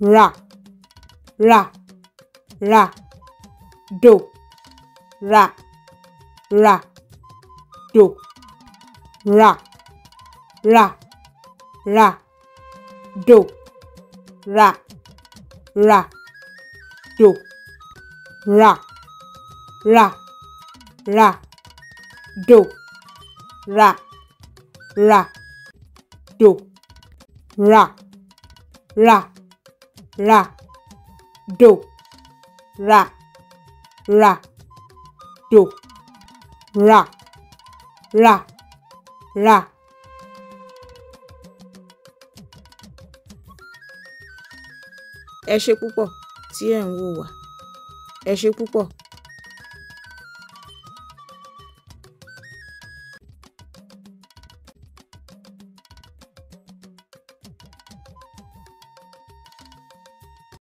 ra ra ra do ra ra do ra ra ra do ra ra do ra ra ra do ra ra do ra ra ra, ra do ra ra do ra ra ra. ẹ ṣé púpọ̀ tí ẹ̀ ń wò wá ẹ ṣé púpọ̀